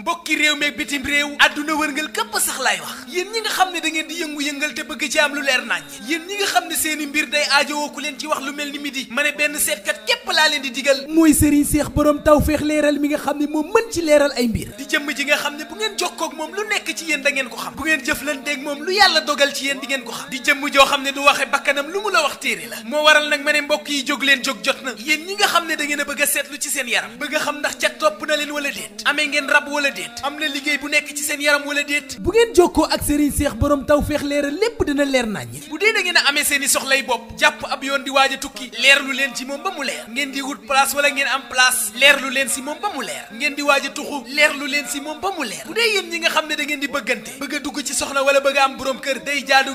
mbokki réew meeg bitim réew àdduna wërngal képp sax laay wax yéen ñi nga xam ne da ngeen di yëngu-yëngal te bëgg ci am lu leer nañ yéen ñi nga xam ne seeni mbir day aajowoo ku leen ci wax lu mel ni midi ma ne benn seetkat képp laa leen di digal mooy sëriñ seex borom tawfeex leeral mi nga xam ne moom mën ci leeral ay mbir di jëmm ji nga xam ne bu ngeen jokkoo ak moom lu nekk ci yéen da ngeen ko xam bu ngeen jëflanteeg moom lu yàlla dogal ci yéen di ngeen ko xam di jëmm joo xam ne du waxe bakkanam lu mu la wax téere la moo waral nag ma ne mbokk leen jóg jot na yéen ñi nga xam ne da ngeen a bëgg ci seen yaram bëgg xam ndax ca topp na leen wala déet amee wala déet am na liggéey bu nekk ci seen yaram wala déet bu ngeen jokkoo ak Serigne Seex borom taw feex leeral lépp dina leer naññ bu dee da ngeen amee seen i soxlay bopp jàpp ab yoon di waaj a tukki leer leen ci moom ba mu leer ngeen di wut place wala ngeen am place leer leen si moom ba mu leer ngeen di waaj a tuxu leer leen si moom ba mu leer bu dee yéen ñi nga xam ne da di bëggante bëgg dugg ci soxna wala bëgg am borom kër day jaadu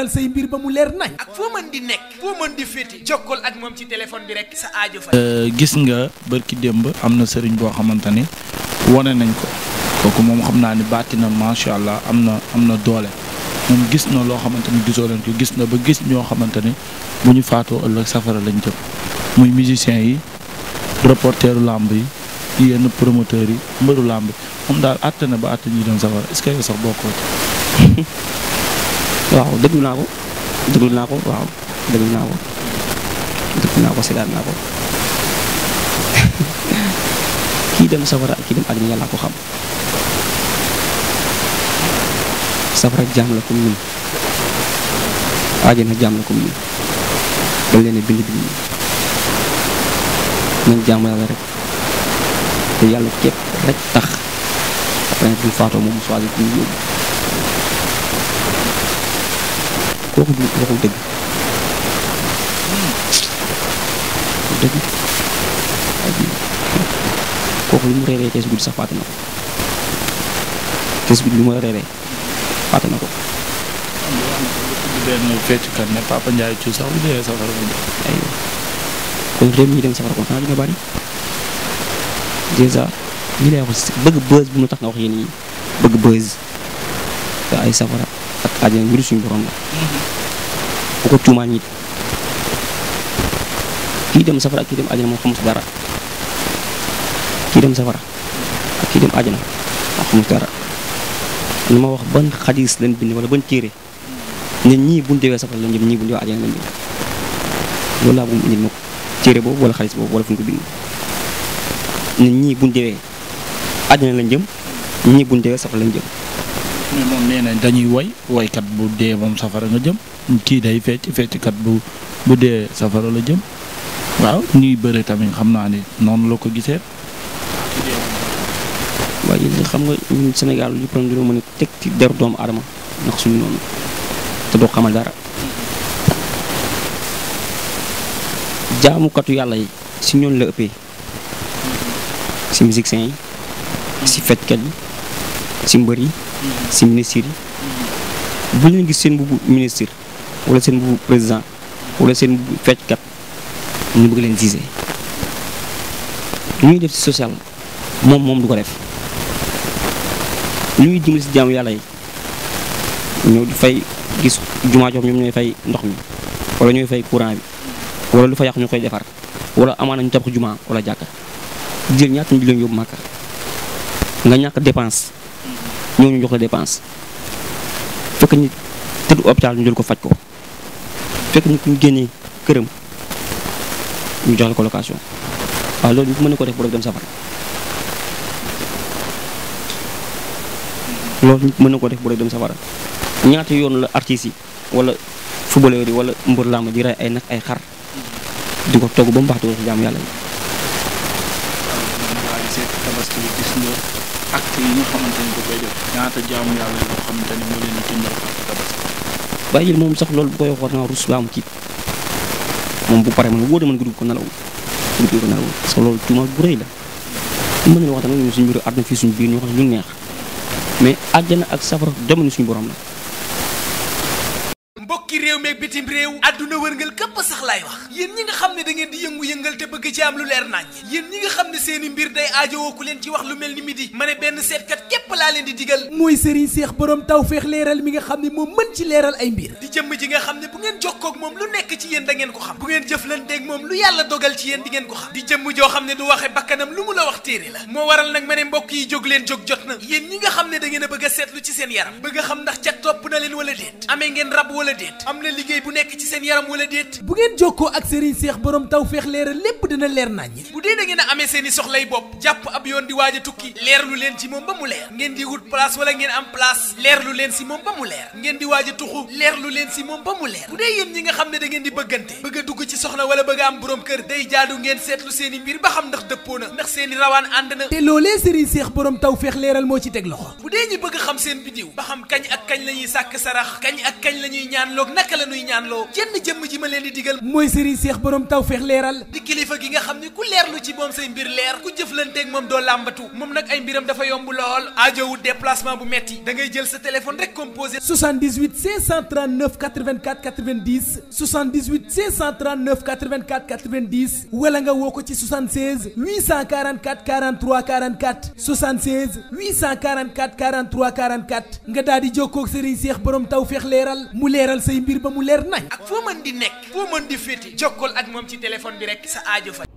leeral say mbir ba mu leer nañ. ak foo mën di nekk. foo mën di féete. jokkool ak moom ci téléphone bi rek sa aajo fa. Euh, gis nga barki démb am na sëriñ boo xamante ni wane nañ ko kooku moom xam naa ni baati na macha allah am na am na doole moom gis na loo xamante ni gisoo leen ko gis na ba gis ñoo xamante ni bu ñu faatoo ëllëg safara lañ jëm muy musiciens yi reporteru làmb yi. yenn promoteurs yi mbëru làmb moom daal àtte na ba àtte ñuy dem safara est sax bokkoo ci waaw déglu naa ko déglu naa ko waaw déglu naa ko déglu naa ko seetaan naa ko kii dem safara ak kii dem àddina yàlla ko xam safara jaam la comme ñun àjjana jaam la comme ñun dañ leen bind bind nañ jaamu yàlla rek te yàlla képp rek tax après bu faatoo moom choisir ku ñu yóbbu kooku du waxul dëgg waxul dëgg kooku li mu reeree kees guddi sax fàtte na ko kees guddi lu ma reeree fàtte ko. benn feccukat ci sax bu dee safara bu kon réew mi dem safara kon xanaa dina bari dèjà li lay wax bëgg buzz bu mu tax na wax yéen yi bëgg buzz ay safara. ak àjjana mbiru suñu borom la bu ko tuumaal nit kii dem safara ak kii dem àjjana moom xamul dara kii dem safara ak dem àjjana moom xamul dara wax ban xadis lañ bind wala ban téere ne ñii buñ dewee safara lañ jëm ñii buñ dewee àjjana lañ jëm boobu wala xadis boobu wala fu ñu ko bind ñii buñ dewee àjjana lañ jëm ñii buñ dewee safara lañ jëm mais moom nee nañ dañuy woy woykat bu dee moom safara nga jëm kii day fecc fecckat bu bu dee safara la jëm waaw ñuy bëre tamit xam naa ni noonu la ko gisee. waaye xam nga ñun Sénégal lu ñu mën a teg ci deru doomu aadama ndax suñu noonu te doo xamal dara. jaamukatu yàlla yi si ñoon la ëppee si musiciens yi si fecckat yi si mbër yi. si ministres yi bu leen gis seen mbubu ministre wala seen mbubu président wala seen mbubu fecckat ñu bëgg leen gisee lu ngi def si social moom moom du ko def lu ñuy dimbali si jaamu yàlla yi ñoo di fay gis jumaa jox ñoom ñooy fay ndox mi wala ñooy fay courant bi wala lu fa yàq ñu koy defar wala amaana ñu tabax jumaa walla jàkka jël ñaata ñu di yóbbu màkka nga ñàkk dépense ñëw ñu jox la dépense fekk ñu tëdd hôpital ñu jël ko faj ko fekk ñu ku génnee këram ñu jox la ko location waaw loolu mën na ko def borom dem safara loolu mën na ko def borom dem safara ñaata yoon la artistes yi wala footballeur yi wala mbër làmb di rey ay nag ay xar di ko togg ba mu baax ko si jaamu yàlla yi. ak yi nga xamante ni koy def ñaata jaamu yàlla yoo xamante ni moo leen di jëndal xar tabaski. bàyyil moom sax loolu bu koy wax war naa rus mu kii moom bu paree man wóor na man guddi ko nelaw guddi ko nelaw parce que loolu tuuma bu rëy la. mën nañu wax tamit ñun suñu mbir àdduna fii suñu biir ñu wax lu neex mais àjjana ak safara demuñu suñu borom la. ci réew meeg bitim réew adduna wërngal képp sax lay wax yéen ñi nga xam ne dangeen di yëngu-yëngal te bëgg ci am lu leer nañ yéen ñi nga xam ne seeni mbir day aajowoo ku leen ci wax lu mel ni midi ma ne benn seetkat képp képp laa leen di digal mooy sëriñ seex borom taw feex leeral mi nga xam ne moom mën ci leeral ay mbir di jëmm ji nga xam ne bu ngeen jokkoog moom lu nekk ci ngeen ko xam bu ngeen jëflanteeg moom lu yàlla dogal ci yéen di ngeen ko xam di jëmm joo xam ne du waxe bakkanam lu mu la wax téere la moo waral nag ma ne mbokk yi jóg leen jóg jot na yéen ñi nga xam ne da bëgg a seetlu ci seen yaram bëgg a xam ndax ca topp na leen wala déet ame ngeen rab wala déet am na liggéey bu nekk ci seen yara wala déet bu ngeen jokkoo ak sëriñ seex borom taw feex leeral lépp dina leer naññi bu dee da ngeen amee seen i soxlay bopp jàpp yoon di waaj a tukki leerlu leen ci moom ba ngeen di wut place wala ngeen am place leerlu leen si moom ba mu leer ngeen di waaja a tuxu leerlu leen si moom ba mu leer bu dee yéen ñi nga xam ne da ngeen di bëggante bëgg dugg ci soxna wala bëgg am boroom kër day jaadu ngeen seetlu seen mbir ba xam ndax dëppoo na ndax seen rawaan ànd na te loolee sëriñ seex borom taw feex leeral moo ci teg loxo bu dee ñi bëgg xam seen bidiw ba xam kañ ak kañ la ñuy sàkk sarax kañ ak kañ la ñuy ñaanloog naka la ñuy ñaanloo jenn jëmm ji ma leen di digal mooy sëriñ seex borom taw feex leeral di kilifa gi nga xam ne ku leerlu ci moom say mbir leer ku jëflanteeg moom doo làmbatu moom nag ay mbiram dafa yomb lool aajowu déplacement bu metti da ngay jël sa téléphone rek composé. 78 539 84 90 78 539 84 90 wala nga woo ko ci 76 844 43 44 76 844 43 44 nga daal di jokkoo ak Serigne Cheikh borom taw feex leeral mu leeral say mbir ba mu leer nañ. ak foo mën di nekk foo mën di féete jokkool ak moom ci téléphone bi rek sa aajo